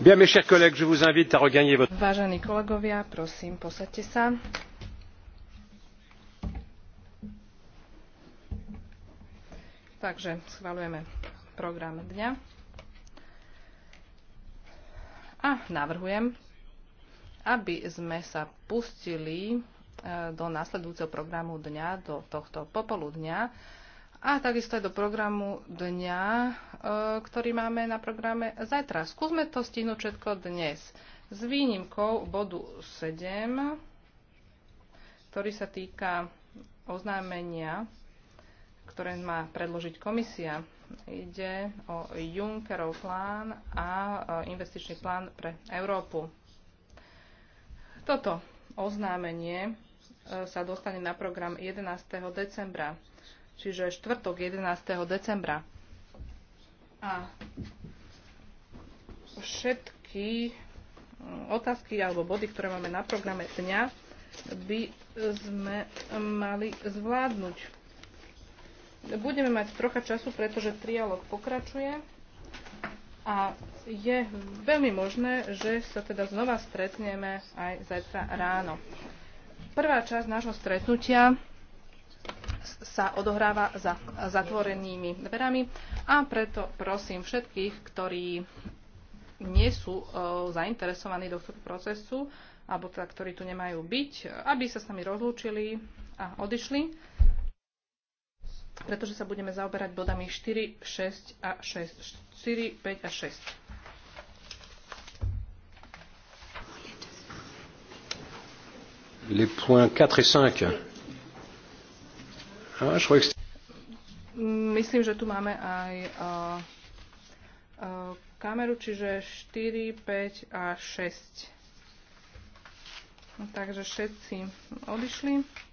Bien, mes chers collègues, je vous invite à regagner votre... Vážení kolegovia, prosím, posaďte sa. Takže schvalujeme program dňa. A navrhujem, aby sme sa pustili E, do následujúceho programu dňa, do tohto popoludňa a takisto aj do programu dňa, e, ktorý máme na programe zajtra. Skúsme to stihnúť všetko dnes s výnimkou bodu 7, ktorý sa týka oznámenia, ktoré má predložiť komisia. Ide o Junckerov plán a e, investičný plán pre Európu. Toto oznámenie E, sa dostane na program 11. decembra, čiže štvrtok 11. decembra. A všetky mm, otázky alebo body, ktoré máme na programe dňa, by sme mali zvládnuť. Budeme mať trocha času, pretože trialog pokračuje a je veľmi možné, že sa teda znova stretneme aj zajtra ráno. Prvá časť nášho stretnutia sa odohráva za zatvorenými dverami a preto prosím všetkých, ktorí nie sú e, zainteresovaní do tohto procesu, alebo teda, ktorí tu nemajú byť, aby sa s nami rozlúčili a odišli pretože sa budeme zaoberať bodami 4, 6 a 6. 4, 5 a 6. les points 4 et 5. Ah, je crois que Myslím, že tu máme aj uh, uh, kameru, čiže 4, 5 a 6. No, takže všetci odišli.